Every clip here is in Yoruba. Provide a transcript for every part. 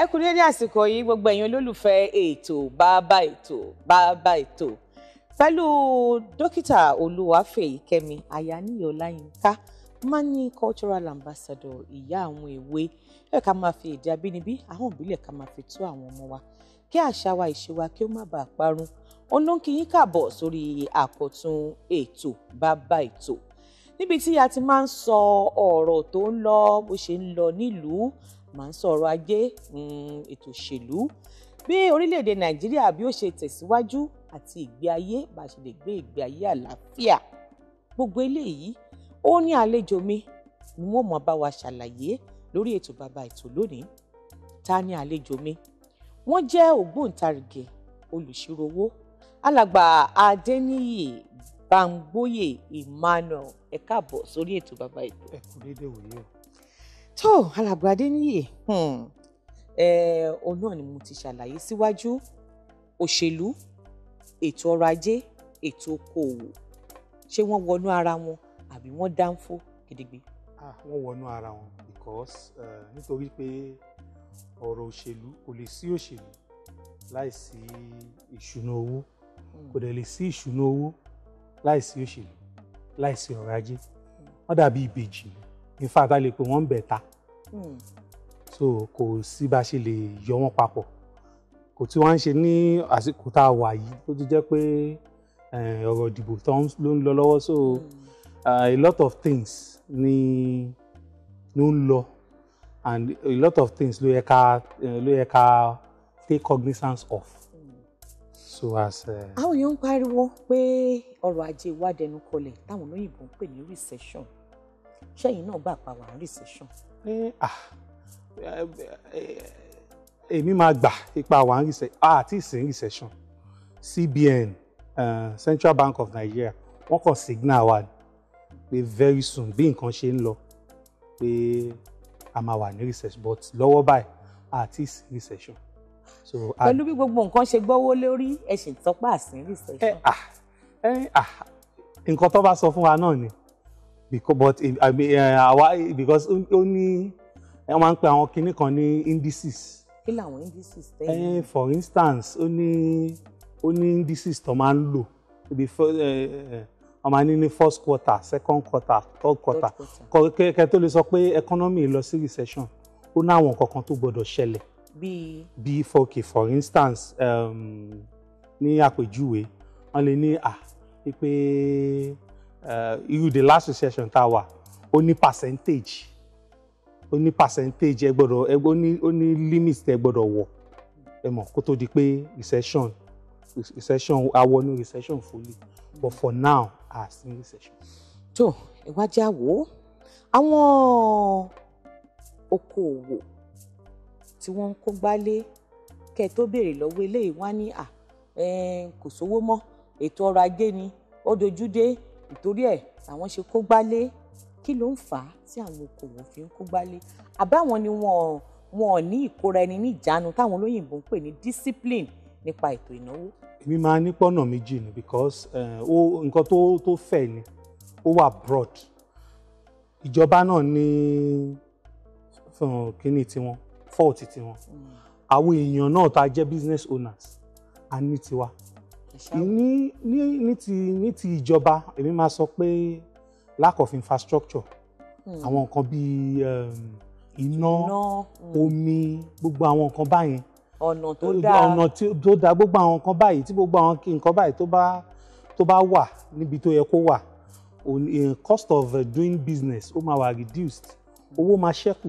ẹ kú ní àsìkò yìí gbogbo ẹ̀yin olólùfẹ́ ètò bàbá ètò bàbá ètò pẹ̀lú dókítà Olúwafẹ́yìkẹ́mi Ayaniyi Ọláyínká máa ń ní cultural ambassador ìyá àwọn èwe ẹ ká máa fi èdè abínibí àwọn ìbílẹ̀ ká máa fi tó àwọn ọmọ wa kí àṣà wa ìṣe wa kí ó má bàa parun òun ló ń kí yín kàbọ̀ sórí àkọ́tún ètò bàbá ètò níbi tí a ti máa ń sọ ọ̀rọ̀ tó ń lọ bó ṣe ń lọ nílùú màá ń sọ ọrọ̀ ajé mm, ètò òṣèlú bí orílẹ̀-èdè nàìjíríà bí ó ṣe tẹ̀síwájú àti ìgbé ayé bá a ṣe lè gbé ìgbé ayé àlàáfíà gbogbo eléyìí ó ní àlejò mi ni wọ́n mọ̀ bá wa ṣàlàyé lórí ètò bàbá ètò lónìí ta ni àlejò mi wọ́n jẹ́ ògbóǹtarìgì olùṣirò owó alàgbà adẹniyè bámgbóyè emmanuel ẹ káàbọ̀ sórí ètò bàbá ètò. ẹ kú déédéé wòye o tó alàgbà Adéníyì hmm. òun náà ni mo ti ṣàlàyé síwájú òṣèlú ètò ọrọ̀ ajé ètò okòòwò ṣé wọ́n wọnú ara wọn àbí wọ́n dáńfó gidigbe. ah wọ́n wọnú ara wọn because nítorí pé ọ̀rọ̀ òṣèlú kò lè sí òṣèlú láìsí ìṣúná owó hmm. kò dẹ̀ lè sí ìṣúná owó láìsí òṣèlú láìsí ọrọ̀ ajé wọ́n dàbí ìbejì ni in fact a lè pè wọ́n bẹ̀ta hmm. so kò sí bá a ṣe lè yọ wọ́n papọ̀ kò tí wọ́n ń ṣe ní àsìkò tá a wà yìí tó ti jẹ́ pé ọ̀rọ̀ ìdìbò tó so hmm. a lot of things ni ló ń lọ and a lot of things ló yẹ ká ló yẹ ká take cognizance of hmm. so as. àwọn èèyàn ń pariwo pé ọrọ̀ ajé wa dẹnu kọlẹ̀ táwọn olóyìnbó ń pè ní recession ṣẹ́yìn náà gbà pa wà ń recession. èmi máa gbà ipa wà ń recession àti ìsìn recession CBN Central Bank of Nigeria wọ́n kàn signal wa pé very soon bí nǹkan ṣe ń lọ pé a máa wà ní recession but lọ́wọ́ báyìí àti ìsìn recession. So, pẹ̀lú bí gbogbo nǹkan ṣe gbọ́wọ́ lórí ẹ̀sìn tọ́pá àsìn recession. nǹkan tó bá sọ fún wa náà ni because but I mean eh, why? because only. ní ẹ máa ń pe àwọn kinní kan ní indices. kí làwọn indices tẹ́lẹ̀. Eh, for instance ó ní ó ní indices tó máa ń lò ibi wọ́n eh, eh, máa ní ní first quarter second quarter third quarter kẹ tó lè sọ pé economy lọ sí recession ó ní àwọn kankan tó gbọdọ̀ ṣẹlẹ̀. bíi bíi Okay. for instance um, ní àpèjúwe wọ́n lè ní à pé. Eh, irú the last recession tá Only percentage only percentage ẹ gbọ́dọ̀ ẹ ó ní ó ní limit ẹ gbọ́dọ̀ wọ̀ ẹ mọ̀ kó tó di pé recession recession awọnú recession fully but for now a sì ní recession. tó ìwájà wo àwọn okoòwò tí wọ́n ń kó gbálé kẹ́ ẹ tó béèrè lọ́wọ́ eléyìí wá ní à kò sówó mọ́ ètò ọrọ̀ ajé ni ó dojú ìtorí ẹ̀ àwọn ṣe kó gbálé kí ló ń fà á tí àwọn okòwò fi ń kó gbálé àbáwọn ni wọn ní ìkóra ẹni ní ìjánu táwọn olóyìnbó ń pè ní discipline nípa ètò ìnáwó. èmi máa ní pọ́nà méjì ni because eh, nǹkan tó tó fẹ̀ ni ó wà broad ìjọba náà ní kíní tiwọn fault tiwọn hmm. àwọn èèyàn náà tá a jẹ́ business owners a ní tiwa ní ní ní ti ní ti ìjọba èmi máa sọ pé lack of infrastructure hmm. àwọn nǹkan bíi ehm, iná hmm. omi gbogbo àwọn nǹkan báyẹn ọ̀nà tó dáa ọ̀nà tó dáa gbogbo àwọn nǹkan báyìí tí gbogbo àwọn nǹkan báyìí tó bá tó bá wà níbi tó yẹ kó wà eh, cost of eh, doing business ó máa wà reduced owó máa ṣẹ́kù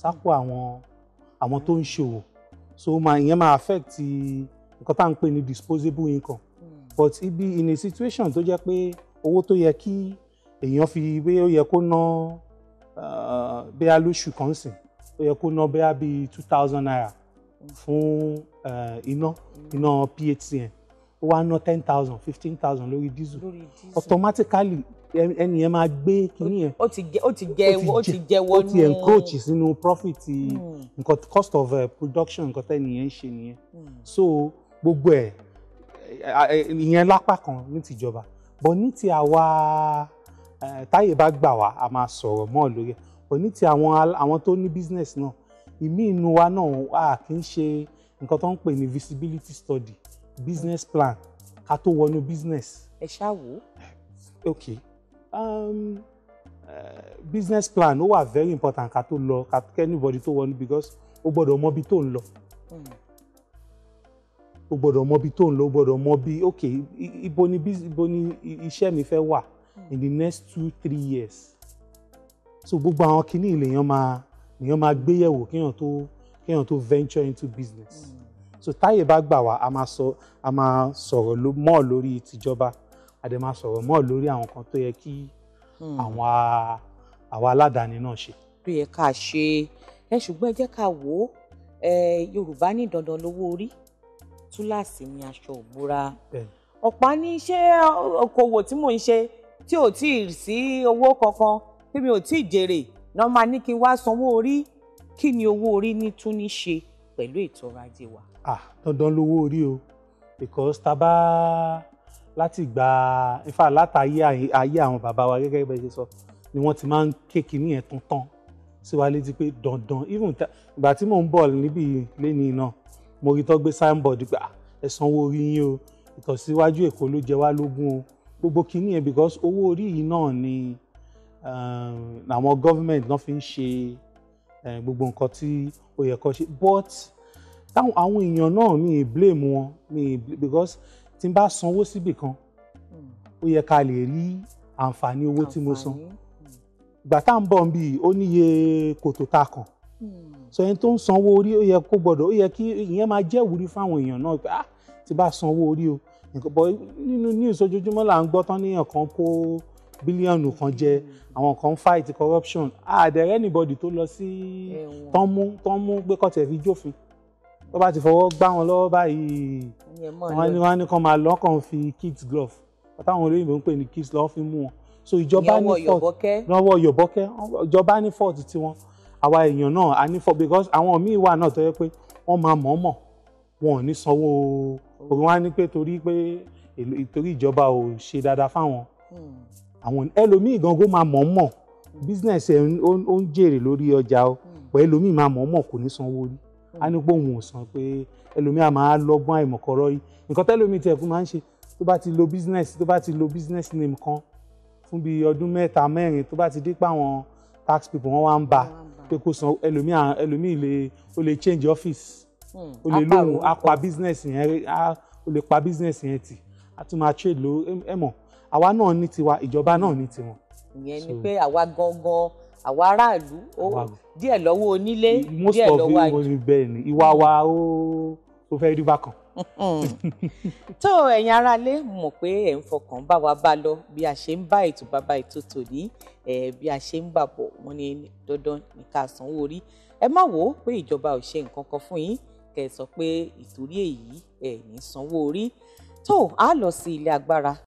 sápò àwọn àwọn tó ń ṣòwò so ìyẹn máa affect nǹkan tá à ń pè ní disposable income but ibi in a situation tó jẹ́ pé owó tó yẹ kí èèyàn fi bí ó yẹ kó ná ah, bẹ́ẹ̀ lóṣù kan sìn ó yẹ kó ná bẹ́ẹ̀ bíi two thousand naira fún eh, iná iná PHCN ó wá ná ten thousand fifteen thousand lórí diesel automatically ẹni yẹn máa gbé kinní yẹn. ó ti jẹ ó ti jẹ ó ti jẹ wọnú. ó ti encroach sínú profit hmm. nǹkan cost of eh, production nǹkan tẹ́ni yẹn ń ṣe nìyẹn. Hmm. so gbogbo ẹ̀ ìyẹn lápá kan ní tìjọba bọ̀ ní ti àwa táyè bá gbà wá a máa sọ̀rọ̀ mọ́ lórí ẹ̀ bọ̀ ní ti àwọn tó ní business náà ìmí inú wa náà a kì í ṣe nǹkan tó ń pè ní visibility study business plan ká tó wọnú business. ẹ ṣáà ok um, uh, business plan ó wà very important ká tó lọ ká anybody tó wọnú because ó gbọ́dọ̀ mọ ibi tó ń lọ. Mm o gbọ́dọ̀ mọ ibi tó ń lọ o gbọ́dọ̀ mọ bí ok ibo ni ibo ni iṣẹ́ mi fẹ́ wà hmm. in the next two three years so gbogbo àwọn kinní lèèyàn máa lèèyàn máa gbéyẹ̀wò kéèyàn tó kéèyàn tó venture into business hmm. so táyè bá gbà wá a máa sọ a máa sọ̀rọ̀ mọ́ lórí tìjọba a dẹ̀ máa sọ̀rọ̀ mọ́ lórí àwọn kan tó yẹ kí hmm. àwọn àwa aládàáni náà ṣe. tó yẹ ká ṣe ẹ ṣùgbọ́n ẹ jẹ́ ká wò ó yorùbá ní dandan lówó orí túláàsì ni aṣọ òbúra ọ̀pá ní iṣẹ́ okòwò tí mò ń ṣe tí ò tí ì sí owó kankan tí mi ò tí ì jèrè náà máa ní kí n wá sanwó orí kí ni owó orí ní tún ní ṣe pẹ̀lú ètò ọrọ̀ ajé wa. ah dandan lówó orí o because tá a bá láti gba in fact látàyé ayé àwọn bàbá wa gẹ́gẹ́ bẹ́ẹ̀ ṣe sọ ni wọ́n ti máa ń ké kinní yẹn tuntun sí wa létí pé dandan even ìgbà tí mò ń bọ̀ níbi lẹ́ni náà mo rí tó gbé signboard gbà ẹ sanwó orí yín o ìtọ̀síwájú èkó ló jẹ wá lógún o gbogbo kìíní yẹn because owó orí yìí náà ni um, àwọn government náà fi ń ṣe eh, gbogbo nǹkan tí ó yẹ kó ṣe but táwọn àwọn èèyàn náà mi ì blame wọn mi ì because tí n bá sanwó síbì kan ó yẹ ká lè rí àǹfààní owó tí mo san ìgbà ń bọ̀ ń bì ó kòtò tá kàn. Hmm. so ẹni tó ń sanwó orí ó yẹ kó gbọ́dọ̀ ó yẹ kí ìyẹn máa jẹ́ ìwúrí fáwọn èèyàn náà pé ah ti bá sanwó orí o nǹkan bọ nínú news ojoojúmọ́ là ń gbọ́ tán níyàn kan kó bílíọ̀nù kan jẹ hmm. àwọn kan fight corruption àdẹ̀rẹ́ anybody tó lọ sí tán mú tán mú pé kọ́ tẹ̀ fi jófin tó bá ti fọwọ́ gbá wọn lọ́wọ́ báyìí wọn ni wọn ni kan máa lọ́kàn fi kids glove táwọn olóyìnbó ń pè ní kids lọ́ọ́ fi mú wọn so ìjọba ní fault lọ́wọ́ yọ̀bọ́kẹ́ ìjọba ní fault tiwọn àwa èèyàn náà a ní fọ because àwọn míì wà náà tó yẹ pé wọ́n máa mọ̀ọ́mọ̀ wọn ò ní sanwó orí wọn á ní pé torí pé torí ìjọba ò ṣe dáadáa fáwọn hmm. àwọn ẹlòmíì gangan máa mọ̀ọ́mọ̀ hmm. business ẹ̀ ó ń jèrè lórí ọjà o pẹ̀ hmm. ẹlòmíì máa mọ̀ọ́mọ̀ kò ní sanwó orí a ní pé òun ò san pé ẹlòmíì á máa lọ́gbọ́n àìmọ̀kọ́rọ́ yìí nǹkan tẹ́lòmíì tẹ̀kú máa ń ṣe tó bá ti lo business tó bá ti lo business name kan fún bíi ọdún mẹ́ta mẹ́rin tó bá ti dípa àwọn tax people wọ́n wá ń bá pé kó san ẹlòmíì ẹlòmíì lè ó lè change office hmm, ó lè lóhùn á pa business yẹn á ó lè pa business yẹn ti, a tún máa trade ló ẹ mọ̀ àwa náà ní tiwa ìjọba náà ní tiwọn. ìyẹn ni pé àwa gangan àwa aráàlú díẹ̀ lọ́wọ́ onílé díẹ̀ lọ́wọ́ àjò. most of it bẹ́ẹ̀ ni ìwà wa ó fẹ́ rí bákan. tó ẹ̀yin aráalé mọ̀ pé ẹ̀ ń fọkàn bá wa bá lọ bí a ṣe ń bá ètò bàbá ètò tòní bí a ṣe ń bà bọ̀ wọ́n ní dandan ní ká sanwó orí ẹ má wò ó pé ìjọba ò ṣe nǹkan kan fún yín kẹ́ sọ pé ìtorí èyí ẹ̀ ní sanwó orí tó a lọ sí ilé agbára